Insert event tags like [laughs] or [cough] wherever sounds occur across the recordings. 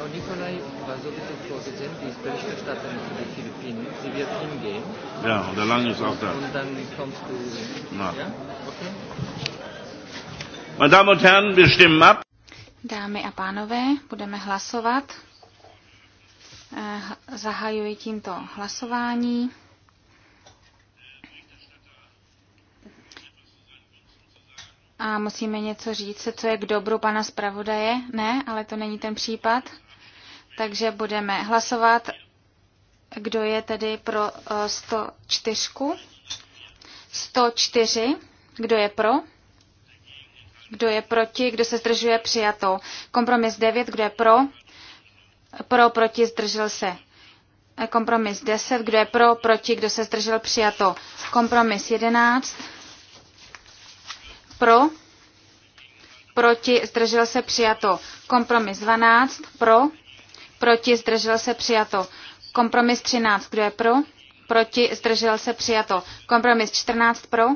Frau Nicolai war sowieso Präsident die ist Berichterstatterin für die Philippinen. Sie wird hingehen. Ja, und der Lange ist auch da. Und dann kommst du. Na. Ja? Okay. Meine Damen und Herren, wir stimmen ab. Dámy a pánové, budeme hlasovat. Eh, zahajuji tímto hlasování. A musíme něco říct, co je k dobru pana zpravodaje? Ne, ale to není ten případ. Takže budeme hlasovat, kdo je tedy pro 104. Eh, 104. Kdo je pro? Kdo je proti? Kdo se zdržuje? Přijato. Kompromis 9. Kdo je pro? Pro, proti, zdržel se. Eh, kompromis 10. Kdo je pro, proti, kdo se zdržel? Přijato. Kompromis 11. Pro, proti, zdržel se. Přijato. Kompromis 12. Pro, proti, zdržel se, přijato. Kompromis 13, kdo je pro, proti, zdržel se, přijato. Kompromis 14 pro,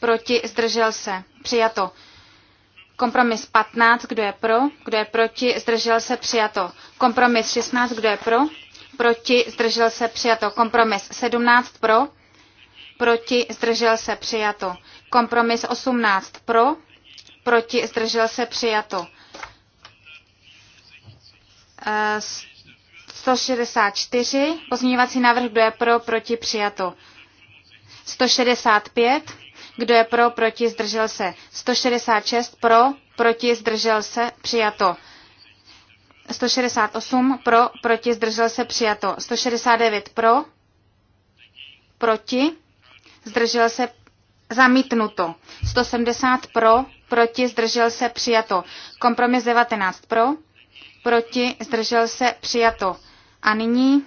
proti, zdržel se, přijato. Kompromis 15, kdo je pro, kdo je proti, zdržel se, přijato. Kompromis 16, kdo je pro, proti, zdržel se, přijato. Kompromis 17 pro, proti, zdržel se, přijato. Kompromis 18 pro, proti, zdržel se, přijato. 164, eh, pozměňovací návrh, kdo je pro, proti, přijato. 165, kdo je pro, proti, zdržel se. 166, pro, proti, zdržel se, přijato. 168, pro, proti, zdržel se, přijato. 169, pro, proti, zdržel se, zamítnuto. 170, pro, proti, zdržel se, přijato. Kompromis 19, pro, proti, zdržel se, přijato. A nyní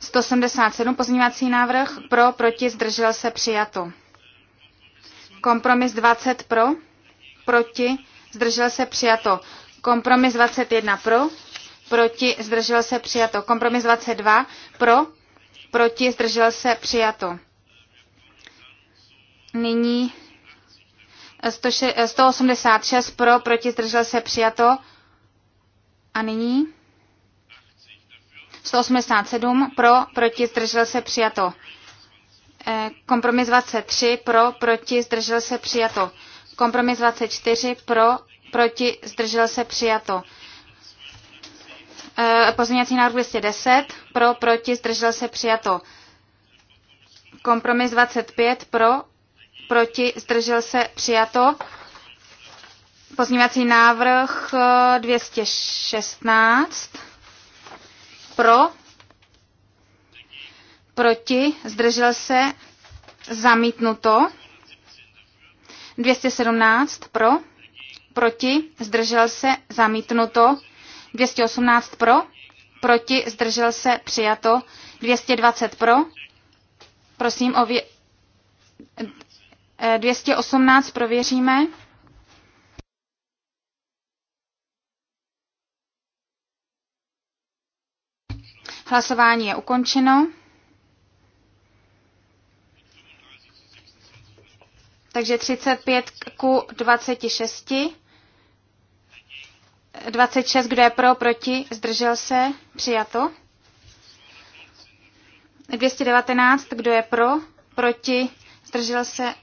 177 pozměňovací návrh, pro, proti, zdržel se, přijato. Kompromis 20 pro, proti, zdržel se, přijato. Kompromis 21 pro, proti, zdržel se, přijato. Kompromis 22 pro, proti, zdržel se, přijato. Nyní 186 pro, proti zdržel se přijato. A nyní 187 eh, pro, proti zdržel se přijato. Kompromis 23 eh, pro, proti zdržel se přijato. Kompromis 24 pro, proti zdržel se přijato. Pozměňovací návrh 210 pro, proti zdržel se přijato. Kompromis 25 pro, proti, zdržel se, přijato. Pozměňovací návrh 216, eh, pro, proti, zdržel se, zamítnuto. 217 pro, proti, zdržel se, zamítnuto. 218 pro, proti, zdržel se, přijato. 220 pro, prosím o vě... 218 eh, prověříme. Hlasování je ukončeno. Takže 35 ku 26. 26, kdo je pro, proti, zdržel se, přijato. 219, kdo je pro, proti, zdržel se,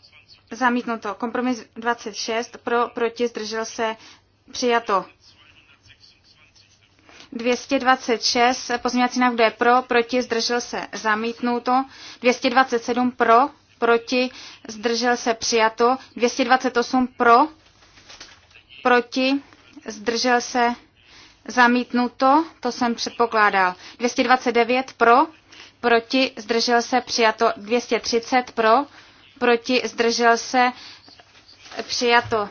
Zamítnuto. Kompromis 26 pro, proti, zdržel se, přijato. 226, pozměňovací návrh, kdo je pro, proti, zdržel se, zamítnuto. 227 pro, proti, zdržel se, přijato. 228 pro, proti, zdržel se, zamítnuto, to jsem předpokládal. 229 pro, proti, zdržel se, přijato. 230 pro, proti, zdržel se, přijato.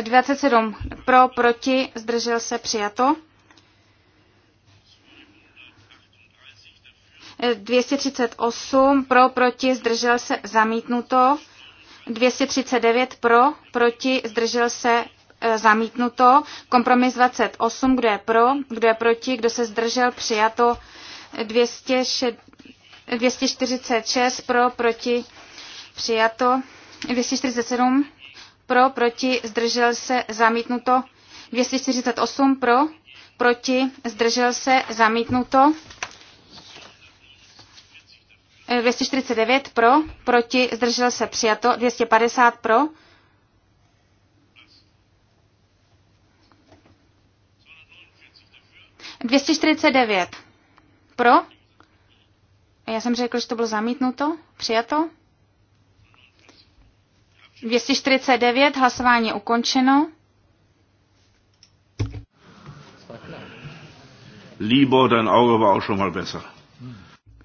27 pro, proti, zdržel se, přijato. 238 pro, proti, zdržel se, zamítnuto. 239 pro, proti, zdržel se, e, zamítnuto. Kompromis 28, kdo je pro, kdo je proti, kdo se zdržel, přijato. 246 pro, proti, přijato 247 pro, proti, zdržel se, zamítnuto 248 pro, proti, zdržel se, zamítnuto 249 eh, pro, proti, zdržel se, přijato 250 pro, Dvěstě čtyřicet devět. Pro? Já jsem řekl, že to bylo zamítnuto, přijato. 249, hlasování ukončeno. Libor, ten Auge war auch schon mal besser.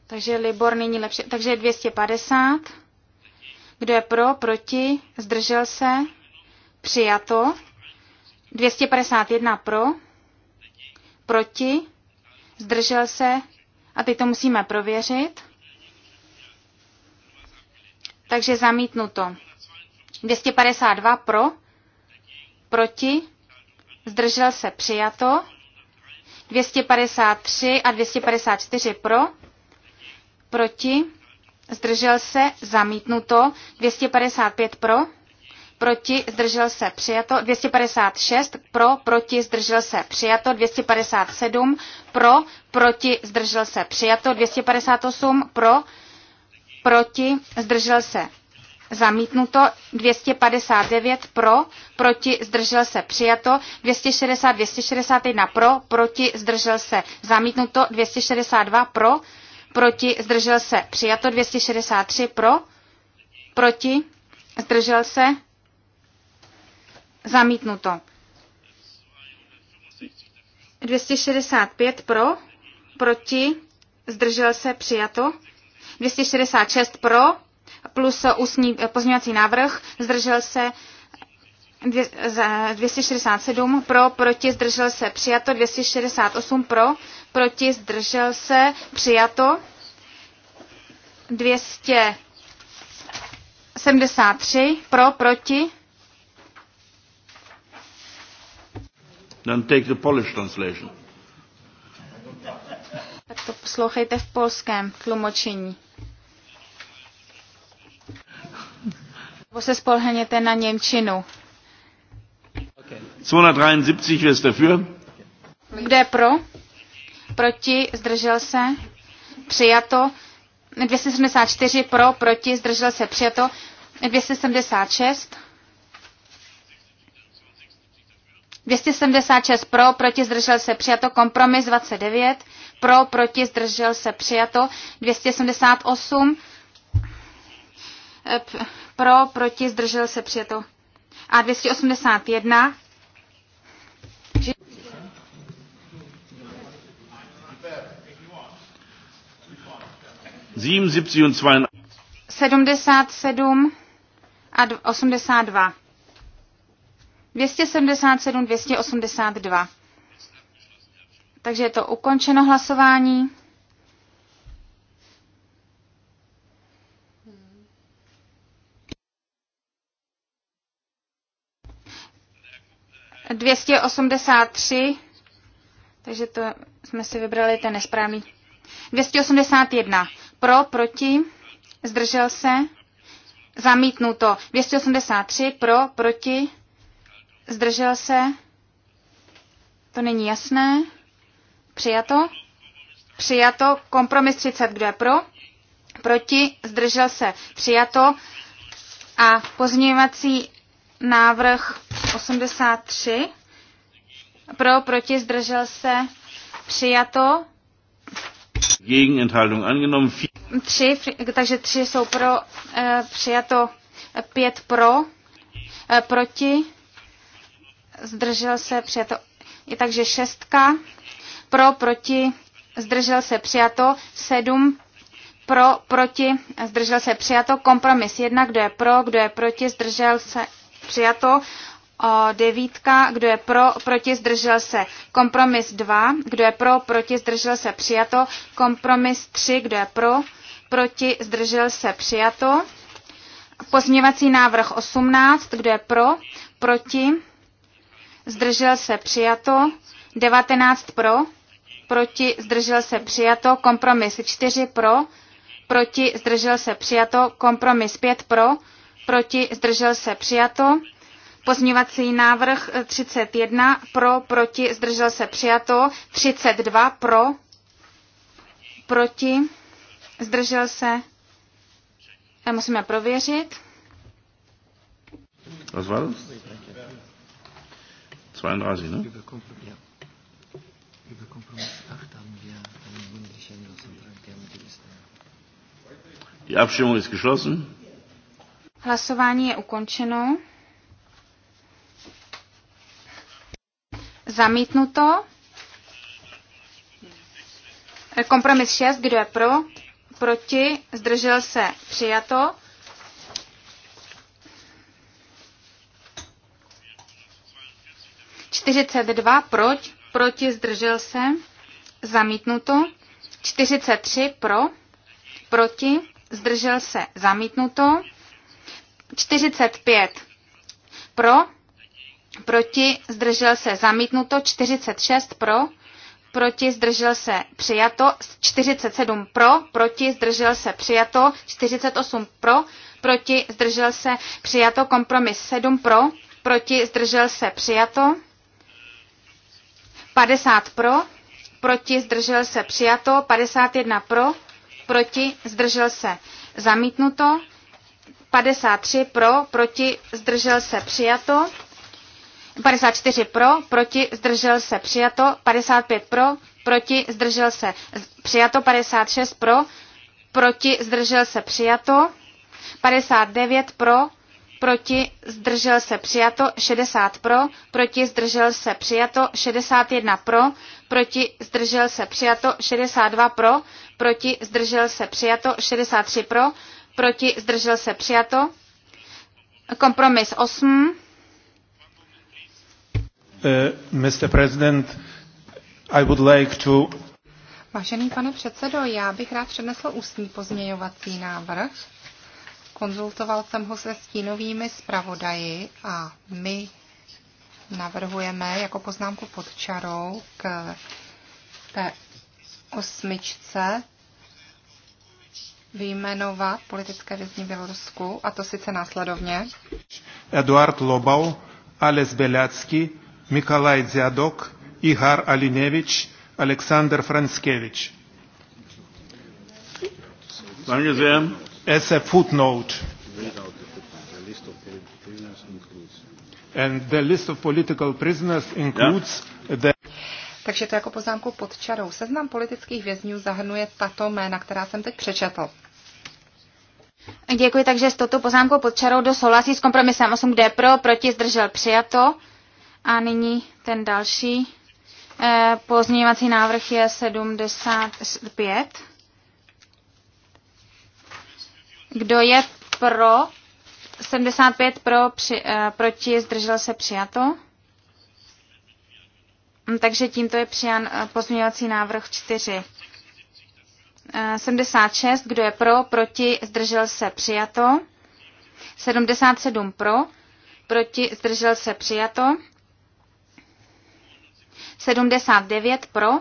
Takže Libor není lepší. Takže 250. Kdo je pro, proti, zdržel se, přijato. 251 pro, proti, zdržel se, a teď to musíme prověřit. Takže zamítnuto. 252 pro, proti, zdržel se přijato, 253 a 254 pro, proti, zdržel se zamítnuto, 255 pro, proti, zdržel se přijato, 256 pro, proti, zdržel se přijato, 257 pro, proti, zdržel se přijato, 258 pro, proti, zdržel se zamítnuto, 259 pro, proti, zdržel se, přijato, 260, 261 pro, proti, zdržel se, zamítnuto, 262 pro, proti, zdržel se, přijato, 263 pro, proti, zdržel se, zamítnuto. 265 pro, proti, zdržel se, přijato, 266 pro, plus ústní eh, pozměňovací návrh, zdržel se 267 pro, proti zdržel se přijato, 268 pro, proti zdržel se přijato, 273 pro, proti. Then take the Polish translation. Tak to poslouchejte v polském tlumočení. nebo se spolhněte na Němčinu. 273, wer ist dafür? Kde je pro? Proti, zdržel se, přijato. 274 pro, proti, zdržel se, přijato. 276. 276 pro, proti, zdržel se, přijato. Kompromis 29 pro, proti, zdržel se, přijato. 278 pro, proti, zdržel se to. A 281. Zím, 77 a 82. 277, 282. Takže je to ukončeno hlasování. 283, takže to jsme si vybrali ten nesprávný. 281 pro, proti, zdržel se, zamítnuto. 283 pro, proti, zdržel se, to není jasné, přijato. Přijato, kompromis 30, kdo je pro? Proti, zdržel se, přijato. A pozměňovací návrh 83. Pro, proti, zdržel se, přijato. Gegenenthaltung angenommen. Tři, takže tři jsou pro, e, přijato, pět pro, e, proti, zdržel se, přijato. Je takže šestka, pro, proti, zdržel se, přijato, sedm, pro, proti, zdržel se, přijato, kompromis jedna, kdo je pro, kdo je proti, zdržel se, přijato, O devítka, kdo je pro, proti, zdržel se. Kompromis 2, kdo je pro, proti, zdržel se, přijato. Kompromis 3, kdo je pro, proti, zdržel se, přijato. Pozměvací návrh 18, kdo je pro, proti, zdržel se, přijato. 19 pro, proti, zdržel se, přijato. Kompromis 4 pro, proti, zdržel se, přijato. Kompromis 5 pro, proti, zdržel se, přijato. Pozměňovací návrh 31 eh, pro, proti, zdržel se přijato. 32 pro, proti, zdržel se. Eh, musíme prověřit. Was war das? 32, ne? Die Abstimmung ist geschlossen. Hlasování je ukončeno. Zamítnuto. Kompromis 6, kdo je pro? Proti, zdržel se, přijato. Čtyřicet dva, proč? Proti, zdržel se, zamítnuto. Čtyřicet tři, pro? Proti, zdržel se, zamítnuto. pět Pro, proti, zdržel se zamítnuto, 46 pro, proti, zdržel se přijato, 47 pro, proti, zdržel se přijato, 48 pro, proti, zdržel se přijato, kompromis 7 pro, proti, zdržel se přijato, 50 pro, proti, zdržel se přijato, 51 pro, proti, zdržel se zamítnuto, 53 pro, proti, zdržel se přijato, 54 pro, proti, zdržel se, přijato, 55 pro, proti, zdržel se, přijato, 56 pro, proti, zdržel se, přijato, 59 pro, proti, zdržel se, přijato, 60 pro, proti, zdržel se, přijato, 61 pro, proti, zdržel se, přijato, 62 pro, proti, zdržel se, přijato, 63 pro, proti, zdržel se, přijato, kompromis 8, Eh, Mr. President, I would like to... Vážený pane předsedo, já bych rád přednesl ústní pozměňovací návrh. Konzultoval jsem ho se stínovými zpravodaji a my navrhujeme jako poznámku pod čarou k té osmičce vyjmenovat politické vězni v Bělorusku, a to sice následovně. Eduard Lobau, Ales Beliacký, Mikolaj Ziadok, Ihar Alinevich, Alexander Franskevič. As a footnote, and the list of political prisoners includes yeah. the takže to jako poznámku pod čarou. Seznam politických vězňů zahrnuje tato jména, která jsem teď přečetl. Děkuji, takže s touto poznámkou pod čarou do souhlasí s kompromisem 8D pro, proti zdržel přijato. A nyní ten další eh, pozměňovací návrh je 75. Kdo je pro? 75 pro, při, eh, proti, zdržel se přijato. Hm, takže tímto je přijan eh, pozměňovací návrh 4. 76, kdo je pro, proti, zdržel se přijato. 77 pro, proti, zdržel se přijato. 79 pro,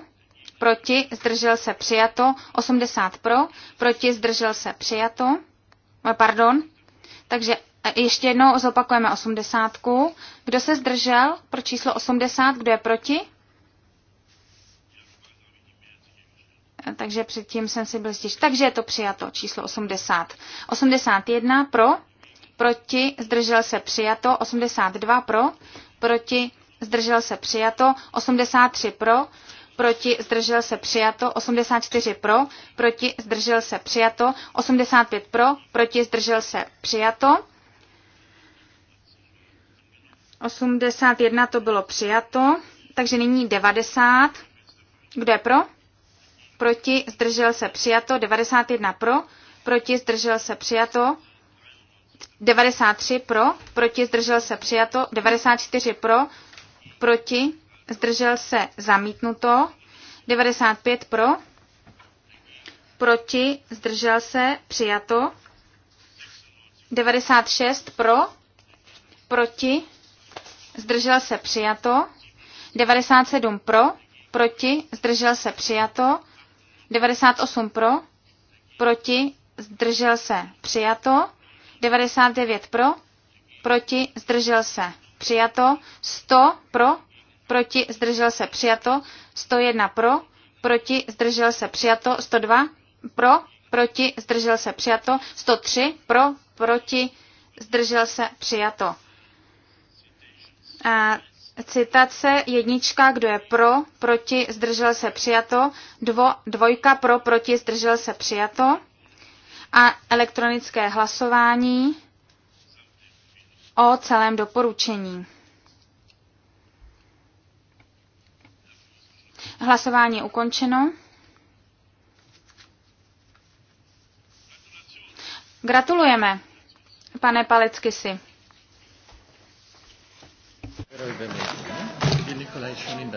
proti, zdržel se přijato, 80 pro, proti, zdržel se přijato, eh, pardon, takže eh, ještě jednou zopakujeme 80. Kdo se zdržel pro číslo 80, kdo je proti? Eh, takže předtím jsem si byl stěž. Takže je to přijato číslo 80. 81 pro, proti, zdržel se přijato, 82 pro, proti, zdržel se přijato, 83 pro, proti zdržel se přijato, 84 pro, proti zdržel se přijato, 85 pro, proti zdržel se přijato, 81 to bylo přijato, takže nyní 90, kdo je pro? Proti zdržel se přijato, 91 pro, proti zdržel se přijato, 93 pro, proti zdržel se přijato, 94 pro, proti, zdržel se zamítnuto, 95 pro, proti, zdržel se přijato, 96 pro, proti, zdržel se přijato, 97 pro, proti, zdržel se přijato, 98 pro, proti, zdržel se přijato, 99 pro, proti, zdržel se přijato, 100 pro, proti, zdržel se, přijato, 101 pro, proti, zdržel se, přijato, 102 pro, proti, zdržel se, přijato, 103 pro, proti, zdržel se, přijato. A citace jednička, kdo je pro, proti, zdržel se, přijato, dvo, dvojka pro, proti, zdržel se, přijato a elektronické hlasování o celém doporučení. Hlasování je ukončeno. Gratulujeme, pane Palecky si. Šonin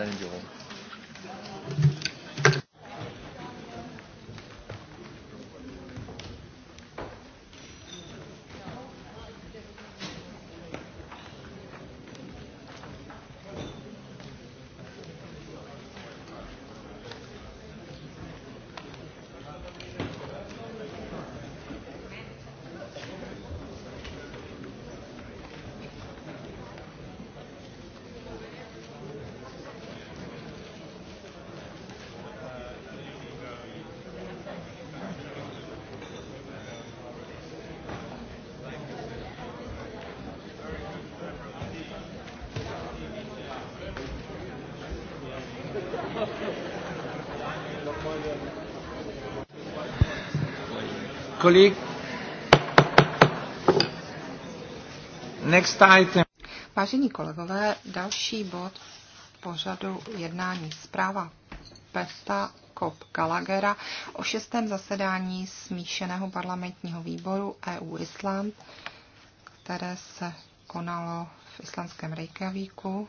Next item. Vážení kolegové, další bod pořadu jednání zpráva Pesta Kop Galagera o šestém zasedání smíšeného parlamentního výboru EU Islám, které se konalo v islandském Reykjavíku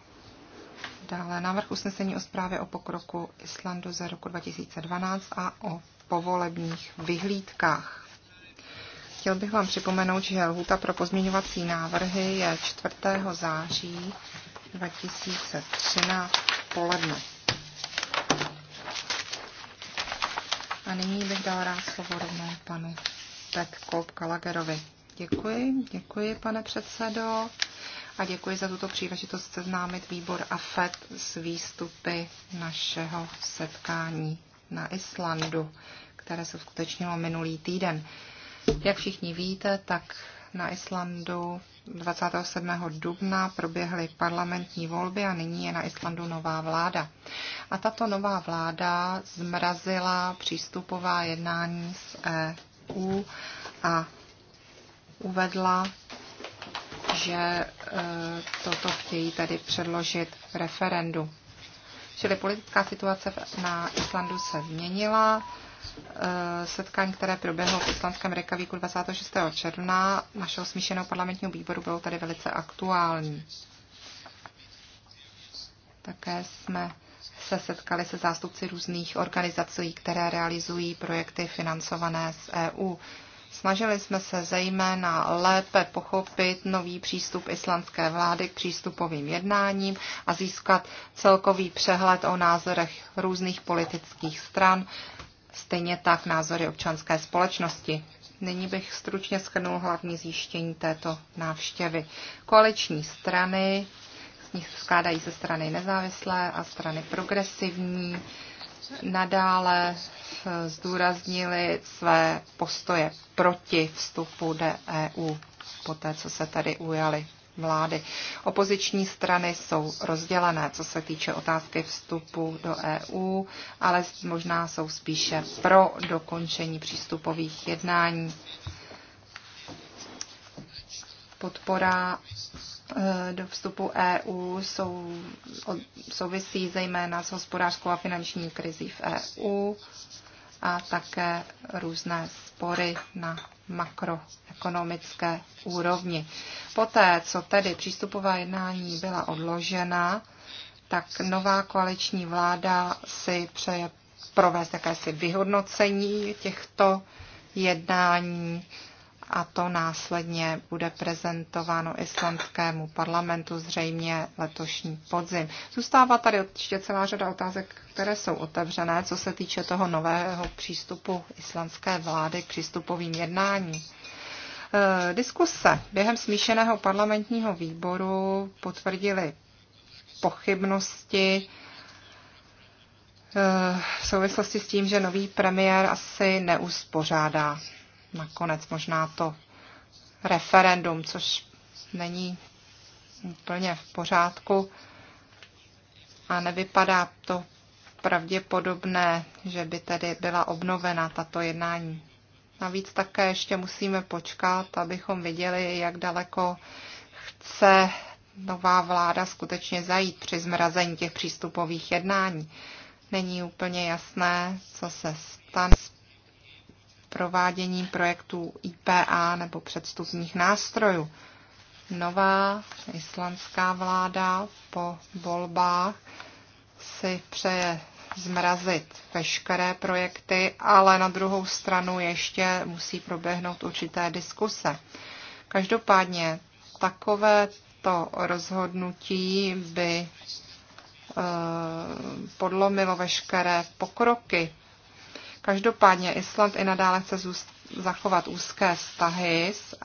Dále návrh usnesení o zprávě o pokroku Islandu za roku 2012 a o povolebních vyhlídkách. Chtěl bych vám připomenout, že lhůta pro pozměňovací návrhy je 4. září 2013 poledne. A nyní bych dal rád slovo rovnou panu Ted Kolb Kalagerovi. Děkuji, děkuji pane předsedo a děkuji za tuto příležitost seznámit výbor AFET s výstupy našeho setkání na Islandu, které se skutečnilo minulý týden. Jak všichni víte, tak na Islandu 27. dubna proběhly parlamentní volby a nyní je na Islandu nová vláda. A tato nová vláda zmrazila přístupová jednání s EU a uvedla, že e, toto chtějí tedy předložit v referendu. Čili politická situace na Islandu se změnila Eh, setkání, které proběhlo v islandském Reykjavíku 26. června našeho smíšeného parlamentního výboru, bylo tady velice aktuální. Také jsme se setkali se zástupci různých organizací, které realizují projekty financované z EU. Snažili jsme se zejména lépe pochopit nový přístup islandské vlády k přístupovým jednáním a získat celkový přehled o názorech různých politických stran stejně tak názory občanské společnosti. Nyní bych stručně schrnul hlavní zjištění této návštěvy. Koaliční strany, z nich skládají se strany nezávislé a strany progresivní, nadále zdůraznili své postoje proti vstupu do EU, poté co se tady ujali vlády. Opoziční strany jsou rozdělené, co se týče otázky vstupu do EU, ale možná jsou spíše pro dokončení přístupových jednání. Podpora eh, do vstupu EU jsou, souvisí zejména s hospodářskou a finanční krizí v EU a také různé spory na makroekonomické úrovni. Poté, co tedy přístupová jednání byla odložena, tak nová koaliční vláda si přeje provést jakési vyhodnocení těchto jednání a to následně bude prezentováno islandskému parlamentu zřejmě letošní podzim. Zůstává tady ještě celá řada otázek, které jsou otevřené, co se týče toho nového přístupu islandské vlády k přístupovým jednání. E, diskuse během smíšeného parlamentního výboru potvrdily pochybnosti, e, v souvislosti s tím, že nový premiér asi neuspořádá nakonec možná to referendum, což není úplně v pořádku a nevypadá to pravděpodobné, že by tedy byla obnovena tato jednání. Navíc také ještě musíme počkat, abychom viděli, jak daleko chce nová vláda skutečně zajít při zmrazení těch přístupových jednání. Není úplně jasné, co se stane s prováděním projektů IPA nebo předstupních nástrojů. Nová islandská vláda po volbách si přeje zmrazit veškeré projekty, ale na druhou stranu ještě musí proběhnout určité diskuse. Každopádně takové to rozhodnutí by eh, podlomilo veškeré pokroky Každopádně Island i nadále chce zachovat úzké vztahy s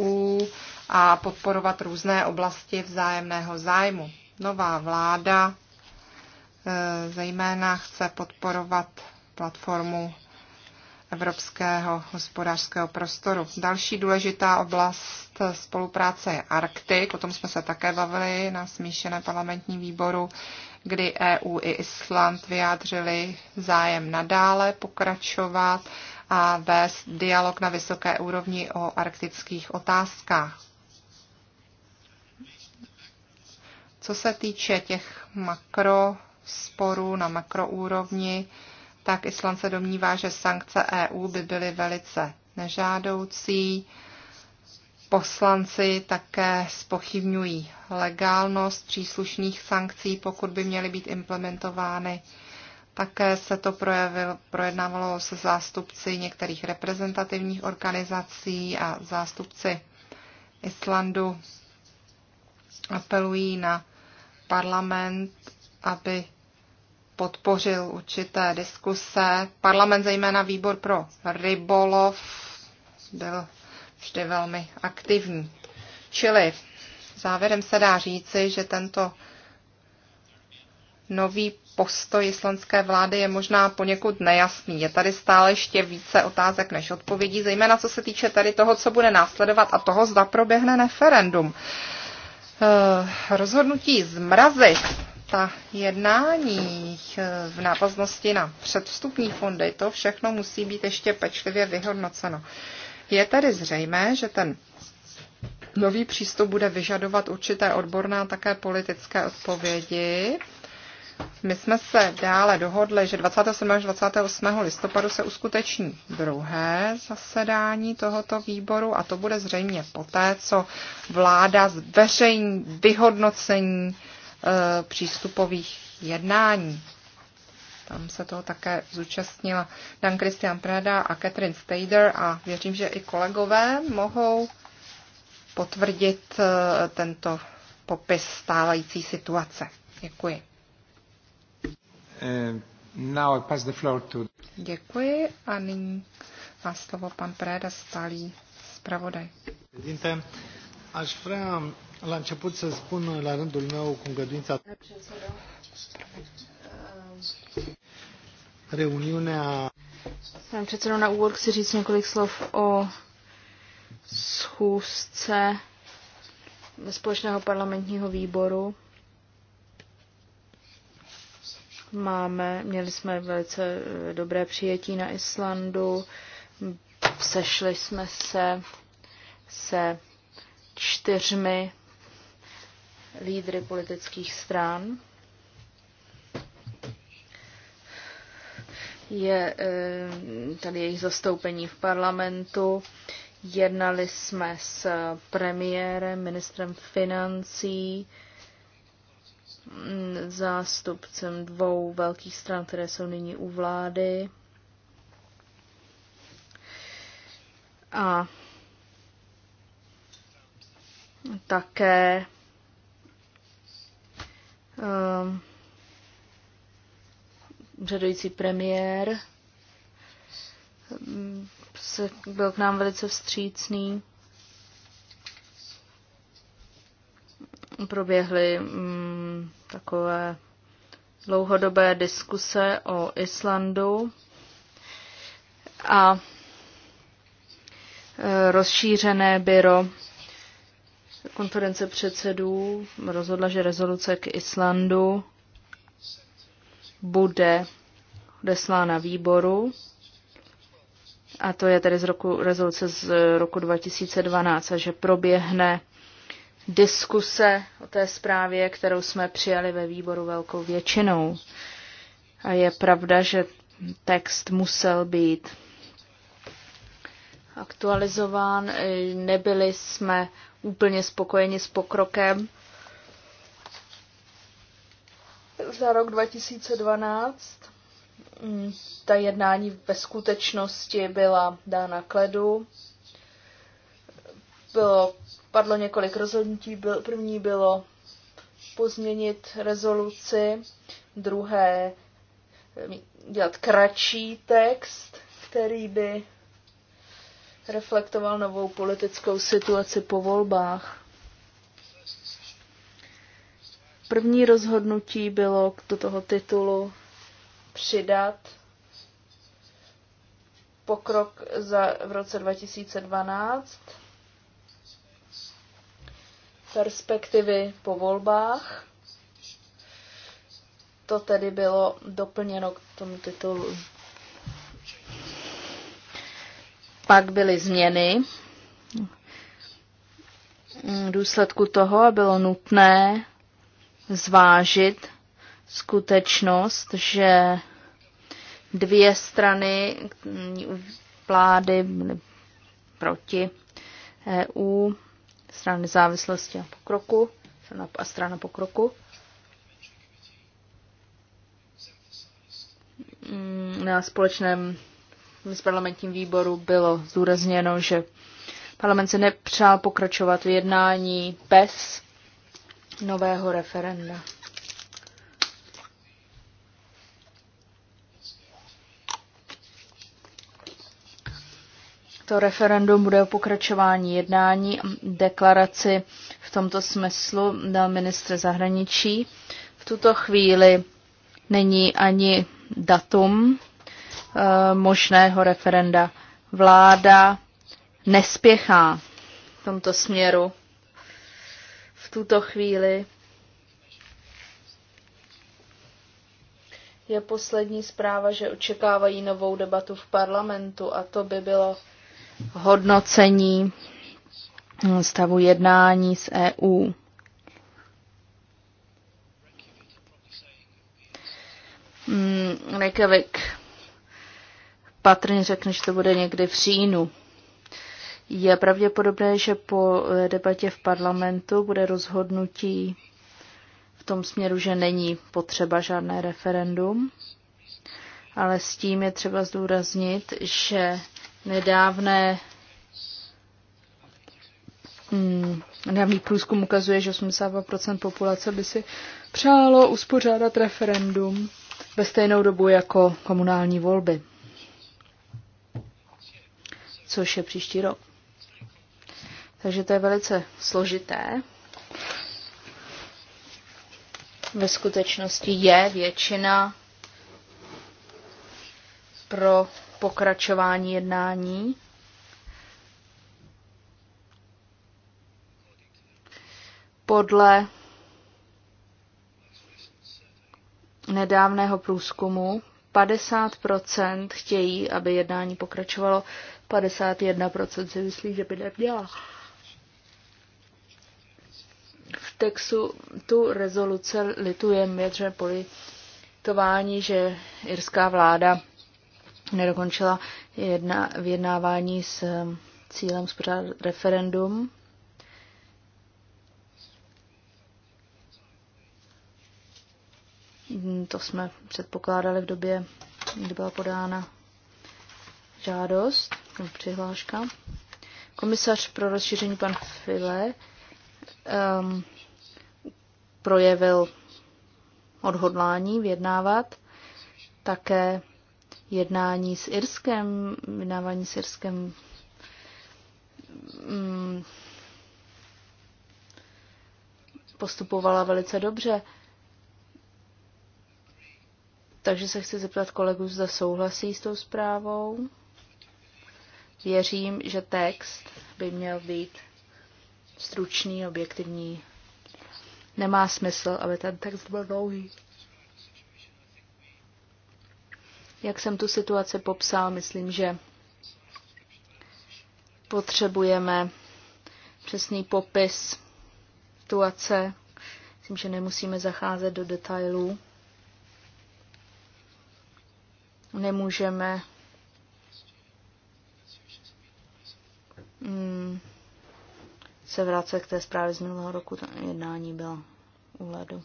EU a podporovat různé oblasti vzájemného zájmu. Nová vláda e, zejména chce podporovat platformu evropského hospodářského prostoru. Další důležitá oblast spolupráce je Arktik, o tom jsme se také bavili na smíšené parlamentní výboru kdy EU i Island vyjádřili zájem nadále pokračovat a vést dialog na vysoké úrovni o arktických otázkách. Co se týče těch makro sporů na makroúrovni, tak Island se domnívá, že sankce EU by byly velice nežádoucí. Poslanci také spochybňují legálnost příslušných sankcí, pokud by měly být implementovány. Také se to projevil, projednávalo se zástupci některých reprezentativních organizací a zástupci Islandu apelují na parlament, aby podpořil určité diskuse. Parlament, zejména výbor pro rybolov, byl vždy velmi aktivní. Čili závěrem se dá říci, že tento nový postoj islandské vlády je možná poněkud nejasný. Je tady stále ještě více otázek než odpovědí, zejména co se týče tady toho, co bude následovat a toho, zda proběhne referendum. Eh, rozhodnutí zmrazit ta jednání eh, v návaznosti na předvstupní fondy, to všechno musí být ještě pečlivě vyhodnoceno. Je tedy zřejmé, že ten nový přístup bude vyžadovat určité odborné a také politické odpovědi. My jsme se dále dohodli, že 27. až 28. listopadu se uskuteční druhé zasedání tohoto výboru a to bude zřejmě poté, co vláda zveřejní vyhodnocení e, přístupových jednání. Tam se toho také zúčastnila Dan Christian Prada a Catherine Stader a věřím, že i kolegové mohou potvrdit eh, tento popis stávající situace. Děkuji. Eh, now I pass the floor to... Děkuji a nyní má slovo pan Preda, stálý zpravodaj. Aș vrea la început să spun la rândul meu cu îngăduința Pane předsedo, na úvod chci říct několik slov o schůzce společného parlamentního výboru. Máme, měli jsme velice eh, dobré přijetí na Islandu, sešli jsme se se čtyřmi lídry politických stran. je eh, tady jejich zastoupení v parlamentu. Jednali jsme s premiérem, ministrem financí, mm, zástupcem dvou velkých stran, které jsou nyní u vlády. A také um, úřadující premiér mm, se, byl k nám velice vstřícný. Proběhly mm, takové dlouhodobé diskuse o Islandu a e, rozšířené byro konference předsedů rozhodla, že rezoluce k Islandu bude odeslána výboru. A to je tedy z roku, rezoluce z roku 2012, a že proběhne diskuse o té zprávě, kterou jsme přijali ve výboru velkou většinou. A je pravda, že text musel být aktualizován. Nebyli jsme úplně spokojeni s pokrokem za rok 2012. Mm, ta jednání ve skutečnosti byla dána k ledu. Bylo, padlo několik rozhodnutí. Byl, první bylo pozměnit rezoluci, druhé mm, dělat kratší text, který by reflektoval novou politickou situaci po volbách. První rozhodnutí bylo k do toho titulu přidat pokrok za, v roce 2012, perspektivy po volbách. To tedy bylo doplněno k tomu titulu. Pak byly změny v důsledku toho a bylo nutné zvážit skutečnost, že dvě strany vlády byly proti EU, strany nezávislosti a pokroku, strana a strana pokroku. Mm, na společném s parlamentním výboru bylo zúrazněno, že parlament se nepřál pokračovat v jednání bez nového referenda. To referendum bude o pokračování jednání. Deklaraci v tomto smyslu dal ministr zahraničí. V tuto chvíli není ani datum e, možného referenda. Vláda nespěchá v tomto směru tuto chvíli je poslední zpráva, že očekávají novou debatu v parlamentu a to by bylo hodnocení stavu jednání s EU. Hmm, Reykjavik patrně řekne, že to bude někdy v říjnu. Je pravděpodobné, že po eh, debatě v parlamentu bude rozhodnutí v tom směru, že není potřeba žádné referendum, ale s tím je třeba zdůraznit, že nedávné mm, Nedávný průzkum ukazuje, že 82% populace by si přálo uspořádat referendum ve stejnou dobu jako komunální volby, což je příští rok. Takže to je velice složité. Ve skutečnosti je většina pro pokračování jednání. Podle nedávného průzkumu 50 chtějí, aby jednání pokračovalo, 51 si myslí, že by neměla textu tu rezoluce lituje měře politování, že irská vláda nedokončila jedna, vyjednávání s um, cílem spořádat referendum. Mm, to jsme předpokládali v době, kdy byla podána žádost, přihláška. Komisař pro rozšíření pan File um, projevil odhodlání vyjednávat. Také jednání s Irskem, vydávání s Irskem mm, postupovala velice dobře. Takže se chci zeptat kolegů, zda souhlasí s tou zprávou. Věřím, že text by měl být stručný, objektivní Nemá smysl, aby ten text byl dlouhý. Jak jsem tu situaci popsal, myslím, že potřebujeme přesný popis situace. Myslím, že nemusíme zacházet do detailů. Nemůžeme. Mm, se vrátit k té zprávě z minulého roku, to jednání bylo u ledu.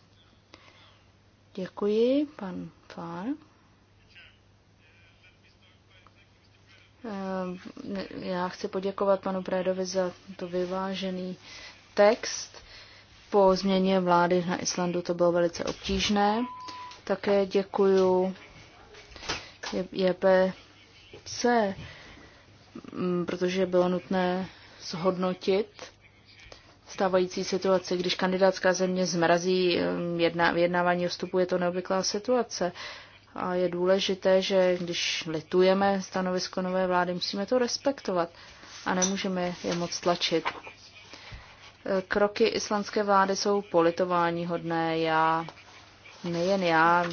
Děkuji, pan Fár. Ehm, já chci poděkovat panu Prédovi za to vyvážený text. Po změně vlády na Islandu to bylo velice obtížné. Také děkuji JPC, mm, protože bylo nutné zhodnotit stávající situaci. Když kandidátská země zmrazí um, jedna, vyjednávání o vstupu, je to neobvyklá situace. A je důležité, že když litujeme stanovisko nové vlády, musíme to respektovat a nemůžeme je moc tlačit. E, kroky islandské vlády jsou politování hodné. Já, nejen já,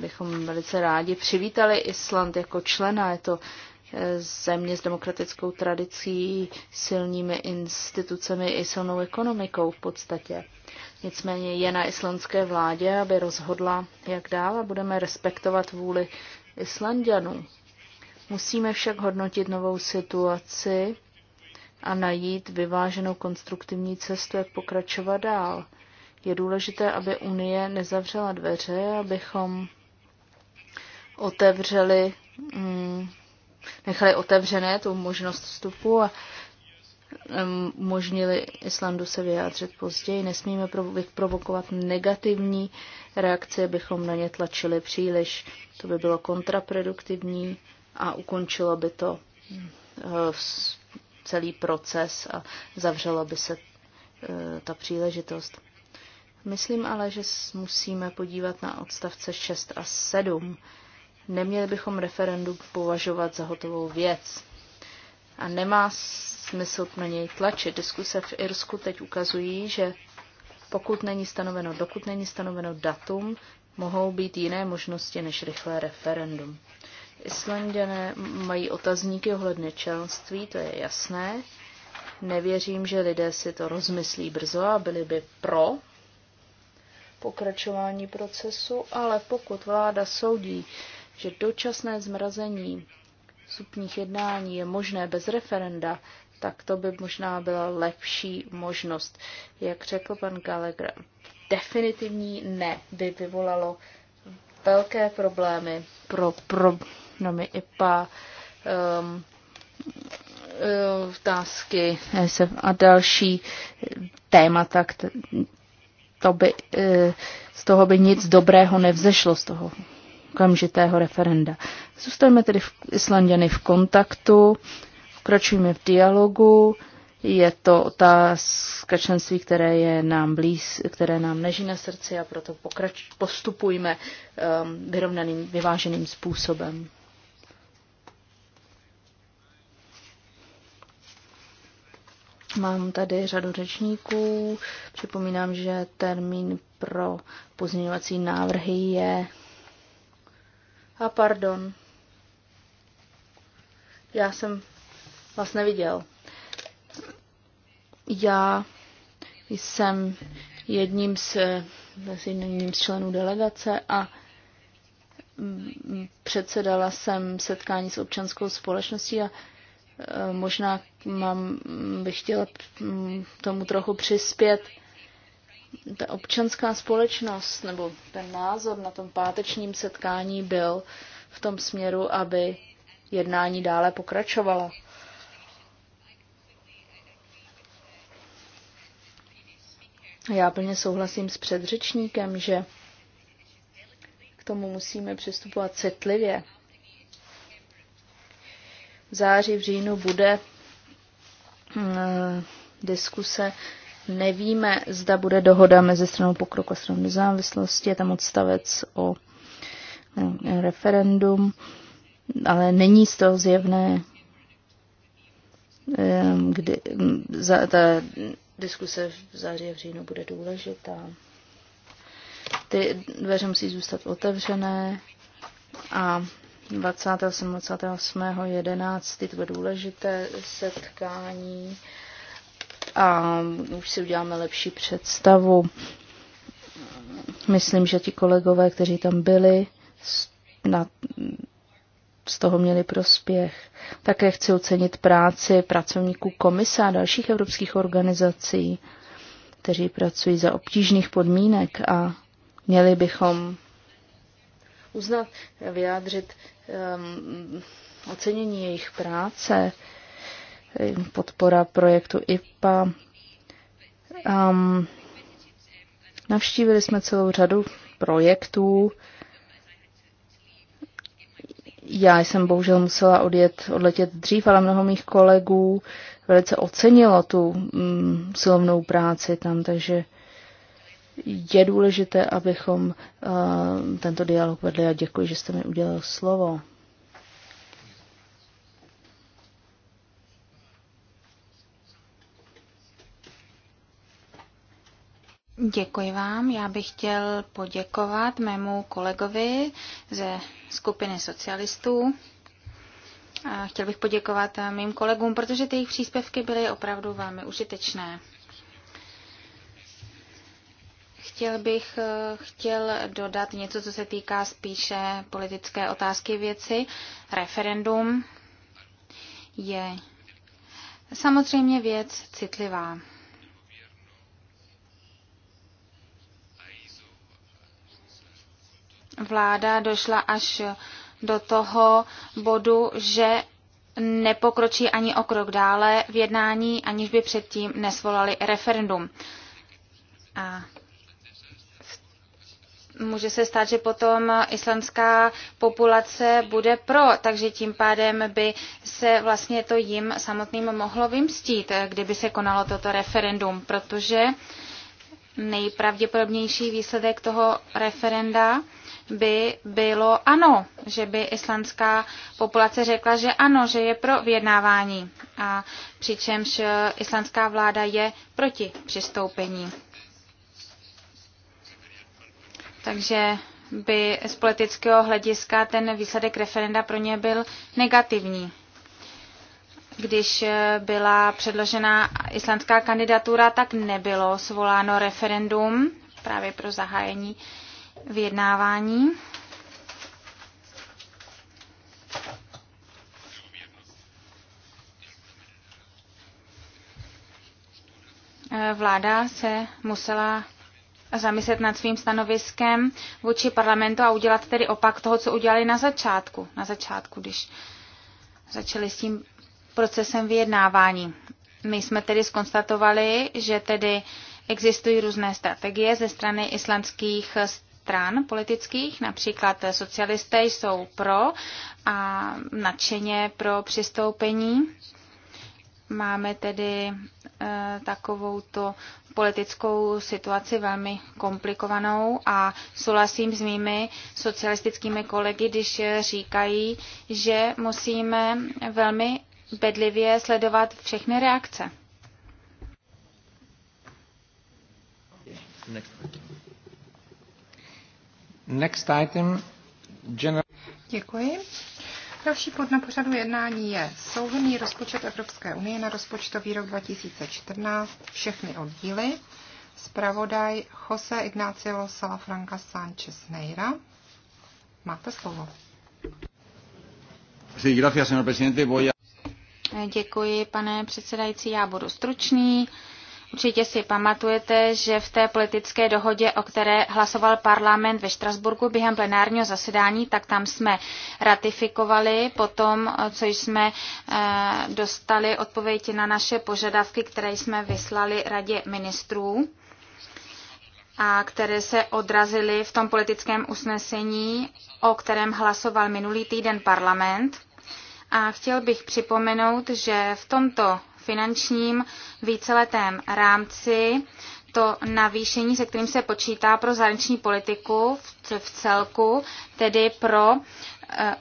bychom velice rádi přivítali Island jako člena. Je to země s demokratickou tradicí, silnými institucemi i silnou ekonomikou v podstatě. Nicméně je na islandské vládě, aby rozhodla, jak dál a budeme respektovat vůli Islandianů. Musíme však hodnotit novou situaci a najít vyváženou konstruktivní cestu, jak pokračovat dál. Je důležité, aby Unie nezavřela dveře, abychom otevřeli mm, nechali otevřené tu možnost vstupu a umožnili Islandu se vyjádřit později. Nesmíme provokovat negativní reakce, abychom na ně tlačili příliš. To by bylo kontraproduktivní a ukončilo by to hm, eh, celý proces a zavřelo by se eh, ta příležitost. Myslím ale, že musíme podívat na odstavce 6 a 7 Neměli bychom referendum považovat za hotovou věc. A nemá smysl na něj tlačit. Diskuse v Irsku teď ukazují, že pokud není stanoveno, dokud není stanoveno datum, mohou být jiné možnosti než rychlé referendum. Islanděné mají otazníky ohledně členství, to je jasné. Nevěřím, že lidé si to rozmyslí brzo a byli by pro pokračování procesu, ale pokud vláda soudí, že dočasné zmrazení vstupních jednání je možné bez referenda, tak to by možná byla lepší možnost. Jak řekl pan Gallagher, definitivní ne by vyvolalo velké problémy pro, pro no my IPA, um, vtázky uh, a další témata, to by, uh, z toho by nic dobrého nevzešlo z toho okamžitého referenda. Zůstaneme tedy v Islanděny v kontaktu, pokračujeme v dialogu, je to otázka členství, které je nám blíz, které nám leží na srdci a proto pokrač, postupujme um, vyrovnaným, vyváženým způsobem. Mám tady řadu řečníků. Připomínám, že termín pro pozměňovací návrhy je a pardon. Já jsem vás neviděl. Já jsem jedním z, jedním z členů delegace a mm, mm, předsedala jsem setkání s občanskou společností a e, možná mám, bych chtěla mm, tomu trochu přispět ta občanská společnost nebo ten názor na tom pátečním setkání byl v tom směru, aby jednání dále pokračovala. Já plně souhlasím s předřečníkem, že k tomu musíme přistupovat citlivě. V září, v říjnu bude mm, eh, diskuse Nevíme, zda bude dohoda mezi stranou pokroku a stranou nezávislosti, je tam odstavec o referendum, ale není z toho zjevné, kdy za, ta diskuse v září a v říjnu bude důležitá. Ty dveře musí zůstat otevřené a 27. 28. 11. to bude důležité setkání a už si uděláme lepší představu. Myslím, že ti kolegové, kteří tam byli, na, z toho měli prospěch. Také chci ocenit práci pracovníků komisa a dalších evropských organizací, kteří pracují za obtížných podmínek a měli bychom uznat, vyjádřit um, ocenění jejich práce podpora projektu IPA. Um, navštívili jsme celou řadu projektů. Já jsem bohužel musela odjet, odletět dřív, ale mnoho mých kolegů velice ocenilo tu mm, silovnou práci tam, takže je důležité, abychom uh, tento dialog vedli a děkuji, že jste mi udělal slovo. Děkuji vám. Já bych chtěl poděkovat mému kolegovi ze skupiny socialistů. A chtěl bych poděkovat mým kolegům, protože ty jejich příspěvky byly opravdu velmi užitečné. Chtěl bych eh, chtěl dodat něco, co se týká spíše politické otázky věci. Referendum je samozřejmě věc citlivá. vláda došla až do toho bodu, že nepokročí ani o krok dále v jednání, aniž by předtím nesvolali referendum. A může se stát, že potom islandská populace bude pro, takže tím pádem by se vlastně to jim samotným mohlo vymstít, kdyby se konalo toto referendum, protože nejpravděpodobnější výsledek toho referenda by bylo ano, že by islandská populace řekla, že ano, že je pro vyjednávání, a přičemž islandská vláda je proti přistoupení. Takže by z politického hlediska ten výsledek referenda pro ně byl negativní. Když byla předložena islandská kandidatura, tak nebylo svoláno referendum právě pro zahájení uh, vyjednávání. Vláda se musela zamyslet nad svým stanoviskem vůči parlamentu a udělat tedy opak toho, co udělali na začátku, na začátku, když začali s tím procesem vyjednávání. My jsme tedy skonstatovali, že tedy existují různé strategie ze strany islandských stran politických, například socialisté jsou pro a nadšeně pro přistoupení. Máme tedy e, eh, takovou to politickou situaci velmi komplikovanou a souhlasím s mými socialistickými kolegy, když říkají, že musíme velmi bedlivě sledovat všechny reakce. Next. Next item, general... Děkuji. Další bod na pořadu jednání je souhrný rozpočet Evropské unie na rozpočtový rok 2014, všechny oddíly. Spravodaj Jose Ignacio Salafranca Sánchez Neira. Máte slovo. Sí, gracias, señor presidente. Voy a... Děkuji, pane předsedající. Já budu stručný. Určitě si pamatujete, že v té politické dohodě, o které hlasoval parlament ve Štrasburgu během plenárního zasedání, tak tam jsme ratifikovali potom, co jsme eh, dostali odpověď na naše požadavky, které jsme vyslali radě ministrů a které se odrazily v tom politickém usnesení, o kterém hlasoval minulý týden parlament. A chtěl bych připomenout, že v tomto finančním víceletém rámci to navýšení, se kterým se počítá pro zahraniční politiku v celku, tedy pro eh,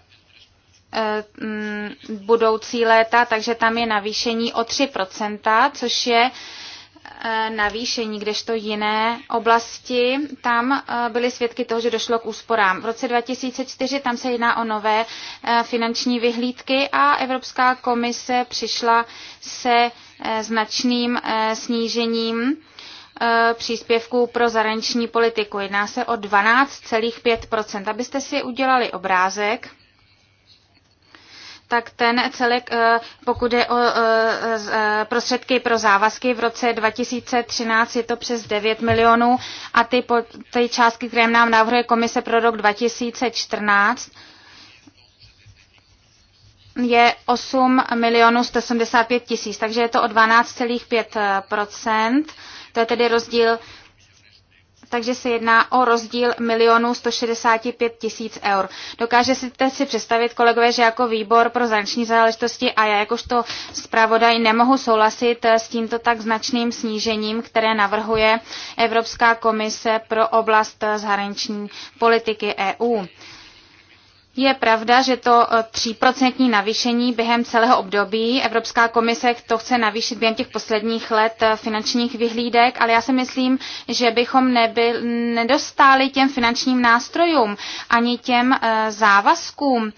eh, mm, budoucí léta, takže tam je navýšení o 3%, což je Eh, navýšení, kdežto jiné oblasti, tam eh, byly svědky toho, že došlo k úsporám. V roce 2004 tam se jedná o nové eh, finanční vyhlídky a Evropská komise přišla se značným snížením příspěvků pro zahraniční politiku. Jedná se o 12,5 Abyste si udělali obrázek, tak ten celek, eh, pokud je o eh, eh, prostředky pro závazky, v roce 2013 je to přes 9 milionů a ty, ty částky, které nám navrhuje komise pro rok 2014, je 8 milionů 185 tisíc, takže je to o 12,5%. To je tedy rozdíl takže se jedná o rozdíl milionu 165 tisíc eur. Dokážete si představit, kolegové, že jako výbor pro zraniční záležitosti a já jakožto zpravodaj nemohu souhlasit s tímto tak značným snížením, které navrhuje Evropská komise pro oblast zahraniční politiky EU. Je pravda, že to 3% eh, navýšení během celého období, Evropská komise to chce navýšit během těch posledních let eh, finančních vyhlídek, ale já si myslím, že bychom nebyl, nedostali těm finančním nástrojům ani těm eh, závazkům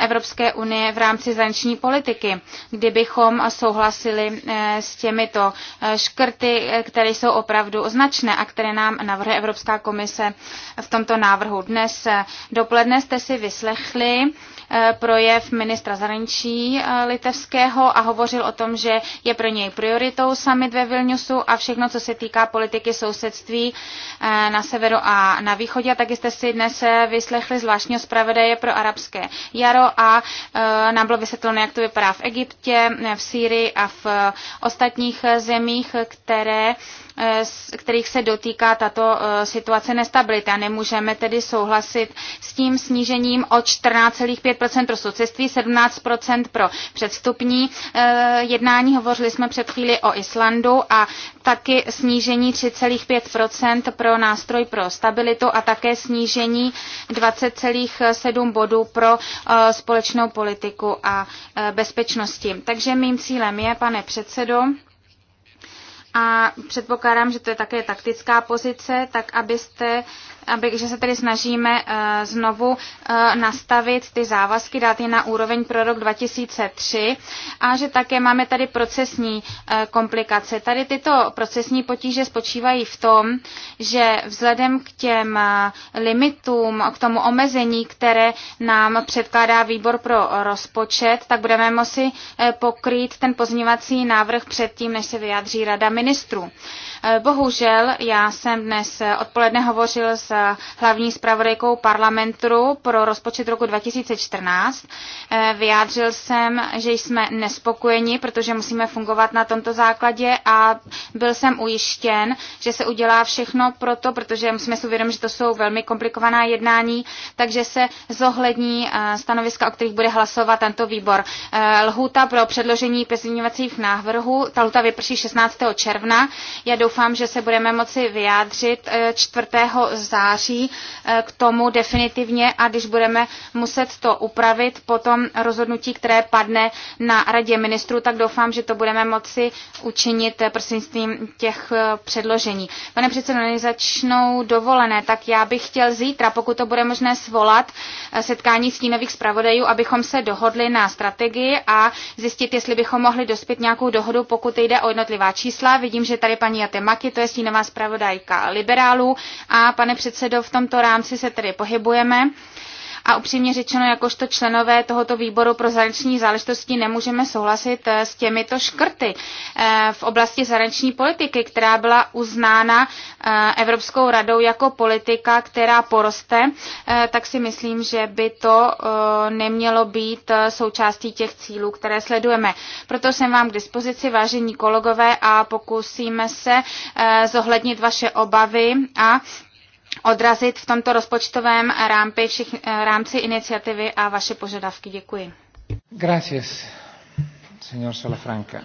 Evropské unie v rámci zahraniční politiky, kdybychom souhlasili s těmito škrty, které jsou opravdu značné a které nám navrhuje Evropská komise v tomto návrhu. Dnes dopoledne jste si vyslechli vyslechli eh, projev ministra zahraničí eh, litevského a hovořil o tom, že je pro něj prioritou summit ve Vilniusu a všechno, co se týká politiky sousedství eh, na severu a na východě. A taky jste si dnes vyslechli zvláštního zpravodaje pro arabské jaro a nám bylo vysvětleno, jak to vypadá v Egyptě, v Sýrii a v ostatních zemích, které Eh, kterých se dotýká tato eh, situace nestability. A nemůžeme tedy souhlasit s tím snížením o 14,5 pro sousedství, 17 pro předstupní eh, jednání. Hovořili jsme před chvíli o Islandu a taky snížení 3,5 pro nástroj pro stabilitu a také snížení 20,7 bodů pro společnou politiku a bezpečnosti. Takže mým cílem je, pane předsedo, a předpokládám, že to je také taktická pozice, tak abyste aby, že se tedy snažíme uh, znovu uh, nastavit ty závazky, dát je na úroveň pro rok 2003 a že také máme tady procesní uh, komplikace. Tady tyto procesní potíže spočívají v tom, že vzhledem k těm uh, limitům, k tomu omezení, které nám předkládá výbor pro rozpočet, tak budeme moci uh, pokrýt ten pozměvací návrh předtím, než se vyjádří Rada ministrů. Uh, Eh, bohužel já jsem dnes odpoledne hovořil s hlavní zpravodajkou parlamentu pro rozpočet roku 2014. Eh, vyjádřil jsem, že jsme nespokojeni, protože musíme fungovat na tomto základě a byl jsem ujištěn, že se udělá všechno proto, protože musíme si uvědomit, že to jsou velmi komplikovaná jednání, takže se zohlední eh, stanoviska, o kterých bude hlasovat tento výbor. Lhůta pro předložení pozměňovacích návrhů, ta lhůta vyprší 16. června. Já doufám, doufám, že se budeme moci vyjádřit 4. Eh, září eh, k tomu definitivně a když budeme muset to upravit potom rozhodnutí, které padne na radě ministrů, tak doufám, že to budeme moci učinit eh, prostřednictvím těch předložení. Pane předsedo, než začnou dovolené, tak já bych chtěl zítra, pokud to bude možné svolat, setkání stínových zpravodajů, abychom se dohodli na strategii a zjistit, jestli bychom mohli dospět nějakou dohodu, pokud jde o jednotlivá čísla. Vidím, že tady paní Jatem Maky, to je stínová zpravodajka liberálů. A pane předsedo, v tomto rámci se tedy pohybujeme a upřímně řečeno, jakožto členové tohoto výboru pro zahraniční záležitosti nemůžeme souhlasit eh, s těmito škrty eh, v oblasti zahraniční politiky, která byla uznána eh, Evropskou radou jako politika, která poroste, tak si myslím, že by to nemělo být součástí těch cílů, které sledujeme. Proto jsem vám k dispozici, vážení kolegové, a pokusíme se zohlednit vaše obavy a odrazit v tomto rozpočtovém rámci, všich, rámci iniciativy a vaše požadavky. Děkuji. Gracias, señor Salafranca.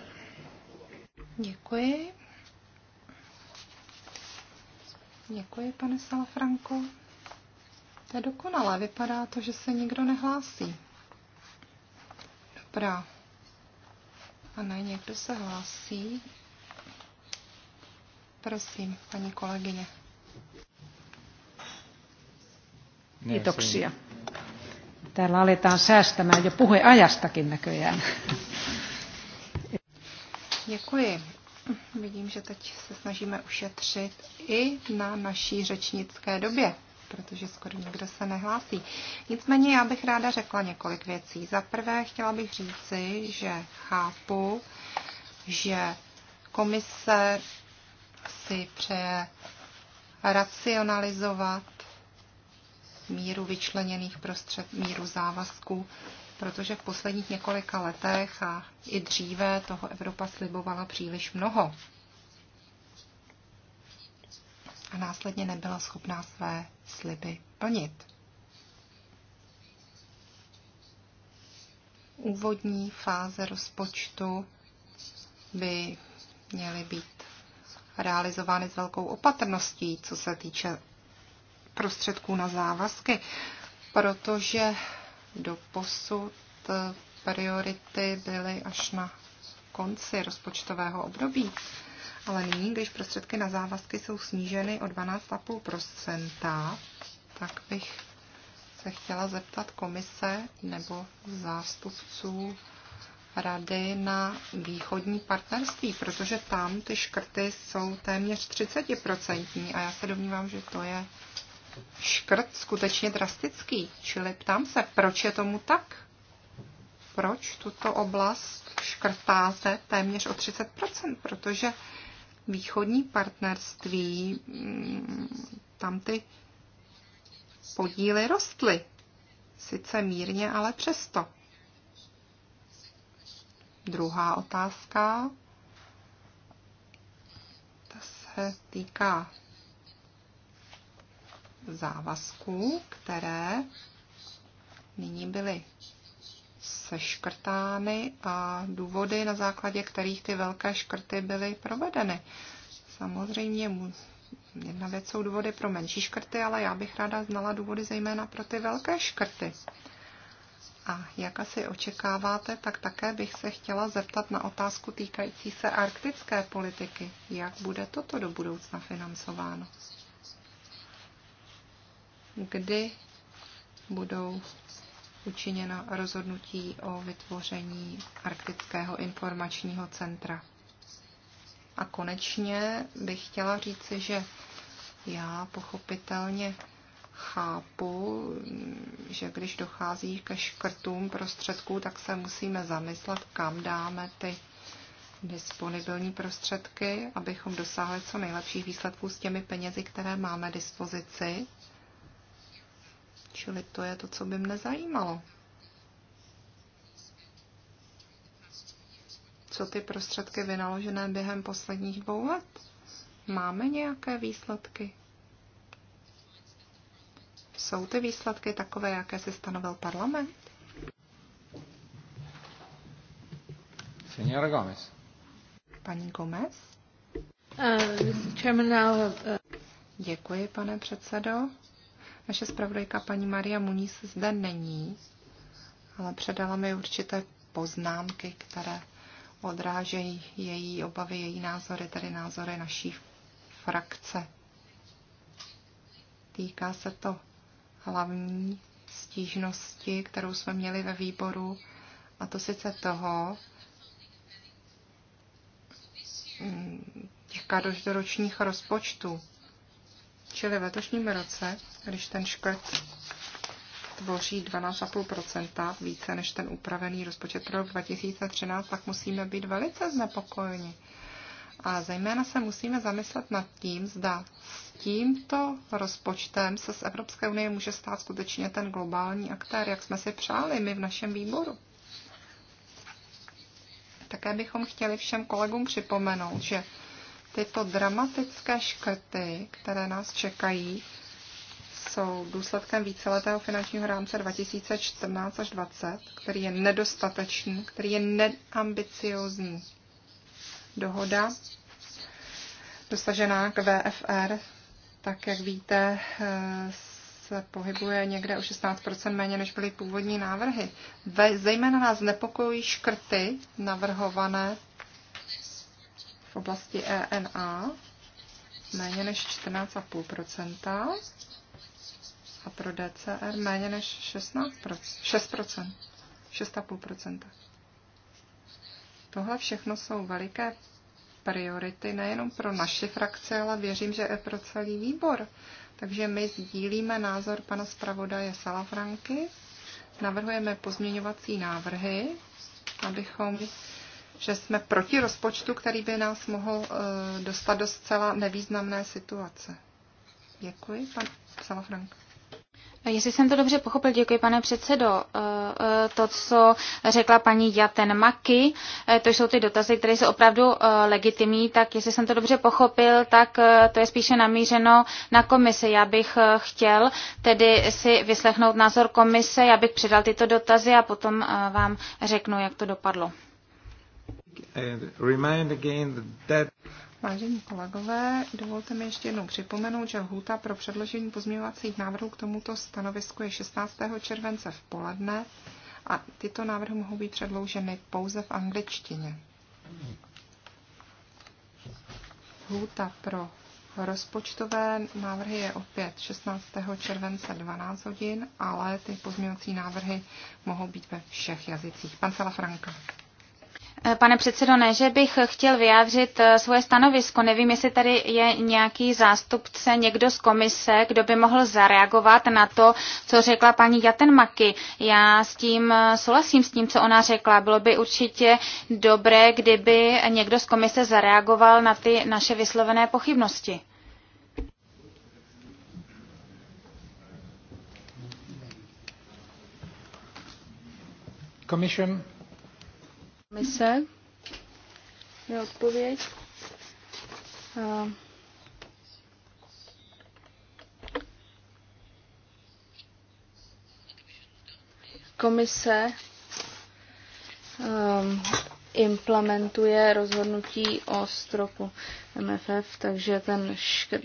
Děkuji. Děkuji, pane Salafranco. To je dokonalé. Vypadá to, že se nikdo nehlásí. Dobrá. A ne, někdo se hlásí. Prosím, paní kolegyně. Kiitoksia. Täällä aletaan säästämään jo puheajastakin näköjään. [laughs] Děkuji. Vidím, že teď se snažíme ušetřit i na naší řečnické době, protože skoro nikdo se nehlásí. Nicméně já bych ráda řekla několik věcí. Za prvé chtěla bych říci, že chápu, že komise si přeje racionalizovat míru vyčleněných prostřed, míru závazků, protože v posledních několika letech a i dříve toho Evropa slibovala příliš mnoho a následně nebyla schopná své sliby plnit. Úvodní fáze rozpočtu by měly být realizovány s velkou opatrností, co se týče prostředků na závazky, protože do posud priority byly až na konci rozpočtového období. Ale nyní, když prostředky na závazky jsou sníženy o 12,5%, tak bych se chtěla zeptat komise nebo zástupců rady na východní partnerství, protože tam ty škrty jsou téměř 30% a já se domnívám, že to je škrt skutečně drastický. Čili ptám se, proč je tomu tak? Proč tuto oblast škrtáte téměř o 30%? Protože východní partnerství, mm, tam ty podíly rostly. Sice mírně, ale přesto. Druhá otázka. Ta se týká závazků, které nyní byly seškrtány a důvody, na základě kterých ty velké škrty byly provedeny. Samozřejmě jedna věc jsou důvody pro menší škrty, ale já bych ráda znala důvody zejména pro ty velké škrty. A jak asi očekáváte, tak také bych se chtěla zeptat na otázku týkající se arktické politiky. Jak bude toto do budoucna financováno? kdy budou učiněno rozhodnutí o vytvoření Arktického informačního centra. A konečně bych chtěla říci, že já pochopitelně chápu, že když dochází ke škrtům prostředků, tak se musíme zamyslet, kam dáme ty disponibilní prostředky, abychom dosáhli co nejlepších výsledků s těmi penězi, které máme dispozici. Čili to je to, co by mne zajímalo. Co ty prostředky vynaložené během posledních dvou let? Máme nějaké výsledky? Jsou ty výsledky takové, jaké si stanovil parlament? Senora Gomez. Paní Gomez. Uh, uh Děkuji, pane předsedo. Naše zpravodajka paní Maria Muníz zde není, ale předala mi určité poznámky, které odrážejí její obavy, její názory, tedy názory naší frakce. Týká se to hlavní stížnosti, kterou jsme měli ve výboru, a to sice toho, hm, těch každoročních rozpočtů. Čili v letošním roce, když ten škrt tvoří 12,5 více než ten upravený rozpočet pro rok 2013, tak musíme být velice znepokojeni. A zejména se musíme zamyslet nad tím, zda s tímto rozpočtem se z Evropské unie může stát skutečně ten globální aktér, jak jsme si přáli my v našem výboru. Také bychom chtěli všem kolegům připomenout, že tyto dramatické škrty, které nás čekají, jsou důsledkem víceletého finančního rámce 2014 až 2020, který je nedostatečný, který je neambiciozní. Dohoda dosažená k VFR, tak jak víte, eh, se pohybuje někde o 16 méně, než byly původní návrhy. Ve, zejména nás nepokojí škrty navrhované oblasti ENA méně než 14,5% a pro DCR méně než 16%, 6%, 6,5%. Tohle všechno jsou veliké priority nejenom pro naši frakci, ale věřím, že i pro celý výbor. Takže my sdílíme názor pana zpravodaje Salafranky, navrhujeme pozměňovací návrhy, abychom že jsme proti rozpočtu, který by nás mohl eh, dostat do zcela nevýznamné situace. Děkuji, pan Salafrank. Eh, jestli jsem to dobře pochopil, děkuji pane předsedo. Eh, to, co řekla paní Jaten Maki, to jsou ty dotazy, které jsou opravdu legitimní, tak jestli jsem to dobře pochopil, tak to je spíše namířeno na komisi. Já bych chtěl tedy si vyslechnout názor komise, já bych předal tyto dotazy a potom vám řeknu, jak to dopadlo. That... Vážení kolegové, dovolte mi ještě jednou připomenout, že lhůta pro předložení pozměňovacích návrhů k tomuto stanovisku je 16. července v poledne a tyto návrhy mohou být předloženy pouze v angličtině. Lhůta pro rozpočtové návrhy je opět 16. července 12 hodin, ale ty pozměňovací návrhy mohou být ve všech jazycích. Pan Sala Franka. Eh, pane předsedo, ne, že bych chtěl vyjádřit eh, svoje stanovisko. Nevím, jestli tady je nějaký zástupce, někdo z komise, kdo by mohl zareagovat na to, co řekla paní Jatenmaky. Já s tím eh, souhlasím s tím, co ona řekla. Bylo by určitě dobré, kdyby někdo z komise zareagoval na ty naše vyslovené pochybnosti. Commission. Komise je odpověď. A... komise um, implementuje rozhodnutí o stropu MFF, takže ten škr,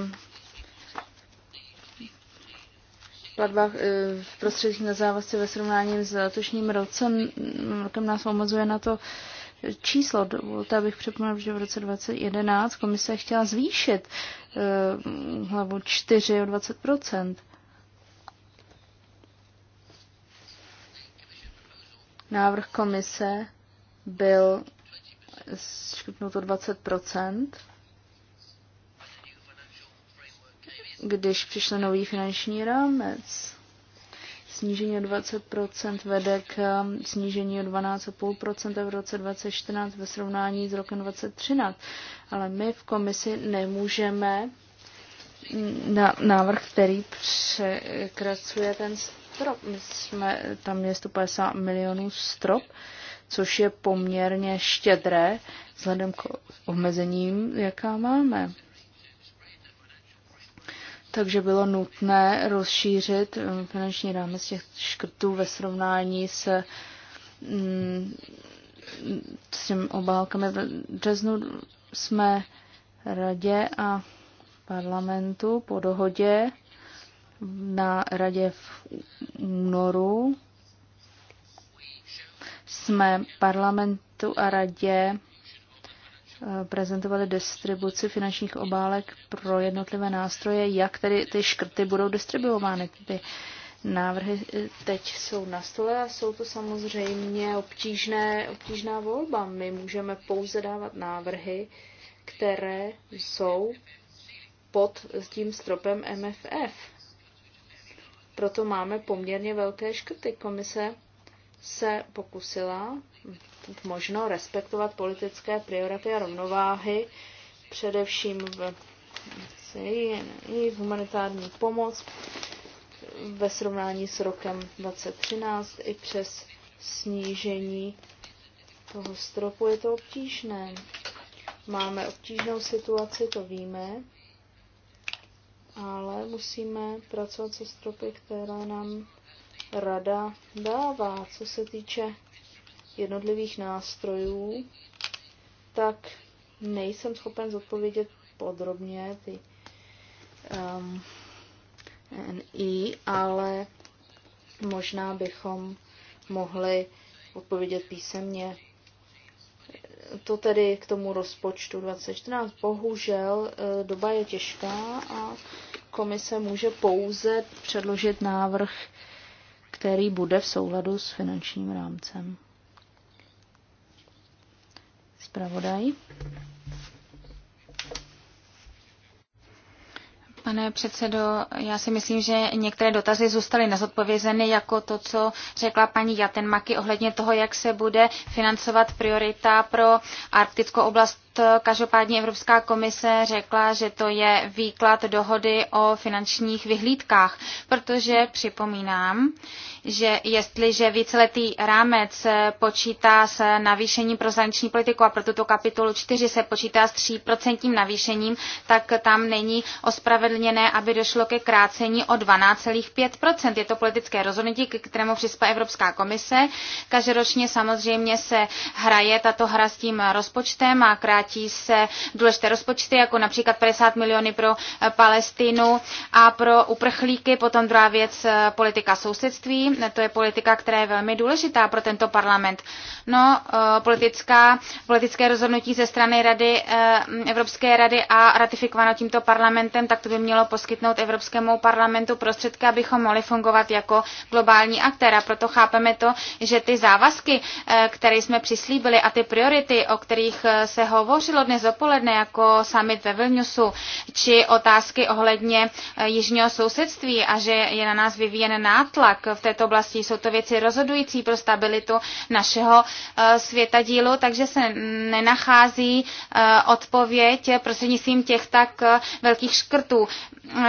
um, platbách eh, v prostředcích na závazce ve srovnání s letošním rocem, rokem nás omezuje na to číslo. Dovolte, abych připomněl, že v roce 2011 komise chtěla zvýšit eh, hlavu 4 o 20 Návrh komise byl škrtnuto 20 když přišel nový finanční rámec. Snížení o 20% vede k um, snížení o 12,5% v roce 2014 ve srovnání s rokem 2013. Ale my v komisi nemůžeme mm, na návrh, který překracuje ten strop. My jsme, tam je 150 milionů strop, což je poměrně štědré vzhledem k omezením, jaká máme takže bylo nutné rozšířit eh, finanční rámec těch škrtů ve srovnání s, mm, s těmi obálkami. V březnu jsme radě a parlamentu po dohodě na radě v únoru jsme parlamentu a radě Eh, prezentovali distribuci finančních obálek pro jednotlivé nástroje, jak tedy ty škrty budou distribuovány. Ty návrhy teď jsou na stole a jsou to samozřejmě obtížné, obtížná volba. My můžeme pouze dávat návrhy, které jsou pod tím stropem MFF. Proto máme poměrně velké škrty. Komise se pokusila možno respektovat politické priority a rovnováhy, především v, i v humanitární pomoc ve srovnání s rokem 2013 i přes snížení toho stropu je to obtížné. Máme obtížnou situaci, to víme, ale musíme pracovat se stropy, které nám rada dává, co se týče jednotlivých nástrojů, tak nejsem schopen zodpovědět podrobně ty um, NI, ale možná bychom mohli odpovědět písemně. To tedy k tomu rozpočtu 2014. Bohužel eh, doba je těžká a komise může pouze předložit návrh, který bude v souladu s finančním rámcem zpravodaj. Pane předsedo, já si myslím, že některé dotazy zůstaly nezodpovězeny, jako to, co řekla paní Jatenmaky ohledně toho, jak se bude financovat priorita pro arktickou oblast Každopádně Evropská komise řekla, že to je výklad dohody o finančních vyhlídkách, protože připomínám, že jestliže víceletý rámec počítá s navýšením pro zahraniční politiku a pro tuto kapitolu 4 se počítá s 3% navýšením, tak tam není ospravedlněné, aby došlo ke krácení o 12,5%. Je to politické rozhodnutí, k kterému přispá Evropská komise. Každoročně samozřejmě se hraje tato hra s tím rozpočtem a krátí platí se důležité rozpočty, jako například 50 miliony pro eh, Palestinu a pro uprchlíky. Potom druhá věc, eh, politika sousedství. To je politika, která je velmi důležitá pro tento parlament. No, eh, politická, politické rozhodnutí ze strany Rady, Evropské rady a ratifikováno tímto parlamentem, tak to by mělo poskytnout Evropskému parlamentu prostředky, abychom mohli fungovat jako globální aktéra. proto chápeme to, že ty závazky, které jsme přislíbili a ty priority, o kterých se hovoří, hovořilo dnes dopoledne, jako summit ve Vilniusu, či otázky ohledně eh, jižního sousedství a že je na nás vyvíjen nátlak v této oblasti. Jsou to věci rozhodující pro stabilitu našeho eh, světa dílu, takže se nenachází eh, odpověď prostřednictvím těch tak velkých škrtů.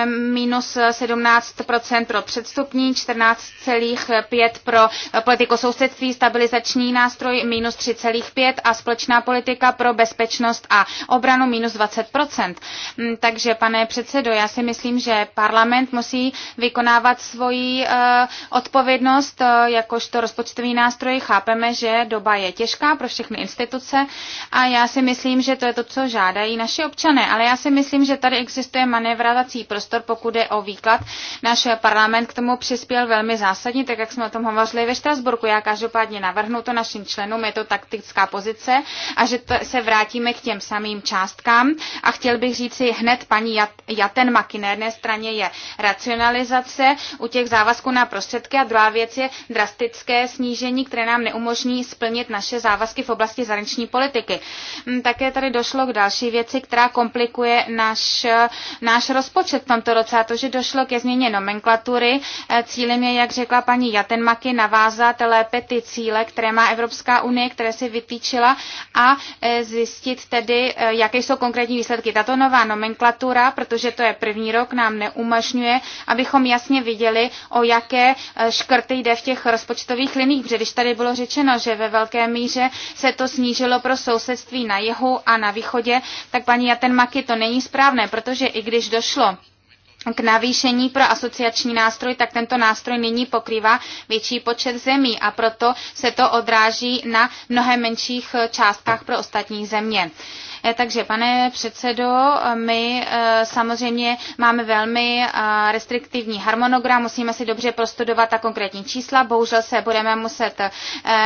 Minus 17% pro předstupní, 14,5% pro politiku sousedství, stabilizační nástroj minus 3,5% a společná politika pro bezpečnost bezpečnost a obranu minus 20%. Mm, takže, pane předsedo, já si myslím, že parlament musí vykonávat svoji eh, odpovědnost eh, jakožto rozpočtový nástroj. Chápeme, že doba je těžká pro všechny instituce a já si myslím, že to je to, co žádají naši občané. Ale já si myslím, že tady existuje manévrovací prostor, pokud je o výklad. Náš parlament k tomu přispěl velmi zásadně, tak jak jsme o tom hovořili ve Štrasburku. Já každopádně navrhnu to našim členům, je to taktická pozice a že to se vrátíme vracíme k těm samým částkám. A chtěl bych říci hned paní Jatenmaky. Na jedné straně je racionalizace u těch závazků na prostředky a druhá věc je drastické snížení, které nám neumožní splnit naše závazky v oblasti zahraniční politiky. Hm, také tady došlo k další věci, která komplikuje náš, náš rozpočet v tomto roce, a to, že došlo ke změně nomenklatury. E, cílem je, jak řekla paní Jatenmaky, navázat lépe ty cíle, které má Evropská unie, které si vytýčila a e, zjistit, zjistit tedy, eh, jaké jsou konkrétní výsledky. Tato nová nomenklatura, protože to je první rok, nám neumožňuje, abychom jasně viděli, o jaké eh, škrty jde v těch rozpočtových liních. Protože když tady bylo řečeno, že ve velké míře se to snížilo pro sousedství na jihu a na východě, tak paní Jatenmaky to není správné, protože i když došlo k navýšení pro asociační nástroj, tak tento nástroj nyní pokrývá větší počet zemí a proto se to odráží na mnohem menších částkách pro ostatní země. Eh, takže, pane předsedo, eh, my eh, samozřejmě máme velmi restriktivní harmonogram, musíme si dobře prostudovat ta konkrétní čísla. Bohužel se budeme muset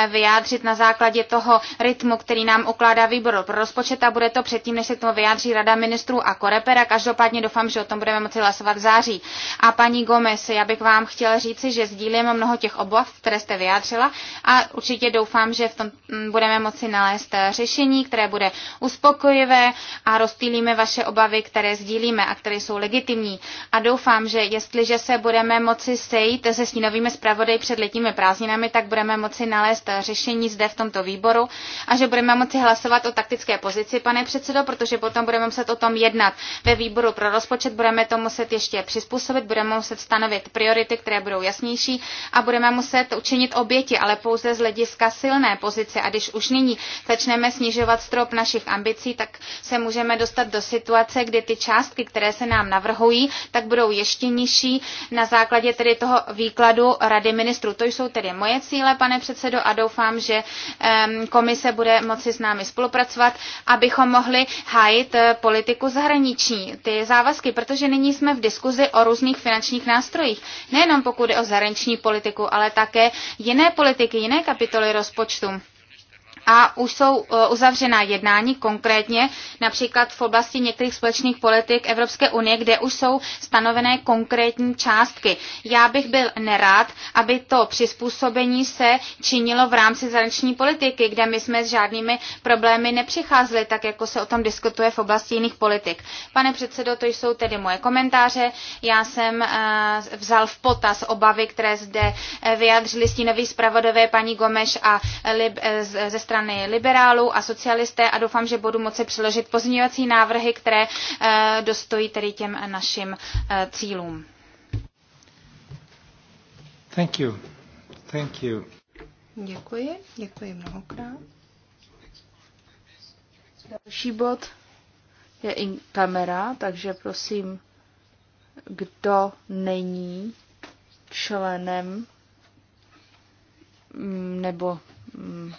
vyjádřit na základě toho rytmu, který nám ukládá výbor pro rozpočet a bude to předtím, než se k tomu vyjádří Rada ministrů a Korepera. Každopádně doufám, že o tom budeme moci hlasovat v září. A paní Gomez, já bych vám chtěla říci, že sdílím mnoho těch obav, které jste vyjádřila a určitě doufám, že v tom mm, budeme moci nalézt řešení, které bude uspokojené uspokojivé a rozptýlíme vaše obavy, které sdílíme a které jsou legitimní. A doufám, že jestliže se budeme moci sejít se snínovými zpravodaj před letními prázdninami, tak budeme moci nalézt řešení zde v tomto výboru a že budeme moci hlasovat o taktické pozici, pane předsedo, protože potom budeme muset o tom jednat ve výboru pro rozpočet, budeme to muset ještě přizpůsobit, budeme muset stanovit priority, které budou jasnější a budeme muset učinit oběti, ale pouze z hlediska silné pozice. A když už nyní začneme snižovat strop našich ambicí, tak se můžeme dostat do situace, kdy ty částky, které se nám navrhují, tak budou ještě nižší na základě tedy toho výkladu Rady ministrů. To jsou tedy moje cíle, pane předsedo, a doufám, že komise bude moci s námi spolupracovat, abychom mohli hájit eh, politiku zahraniční, ty závazky, protože nyní jsme v diskuzi o různých finančních nástrojích. Nejenom pokud je o zahraniční politiku, ale také jiné politiky, jiné kapitoly rozpočtu a už jsou e, uzavřená jednání konkrétně, například v oblasti některých společných politik Evropské unie, kde už jsou stanovené konkrétní částky. Já bych byl nerád, aby to přizpůsobení se činilo v rámci zahraniční politiky, kde my jsme s žádnými problémy nepřicházeli, tak jako se o tom diskutuje v oblasti jiných politik. Pane předsedo, to jsou tedy moje komentáře. Já jsem e, vzal v potaz obavy, které zde e, vyjadřili stínoví zpravodové paní Gomeš a Lib, ze strany strany liberálů a socialisté a doufám, že budu moci přiložit pozměňovací návrhy, které eh, dostojí tedy těm našim eh, cílům. Thank you. Thank you. Děkuji, děkuji mnohokrát. Další bod je in kamera, takže prosím, kdo není členem mm, nebo mm,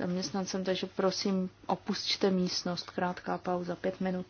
zaměstnancem, takže prosím opusťte místnost, krátká pauza, pět minut.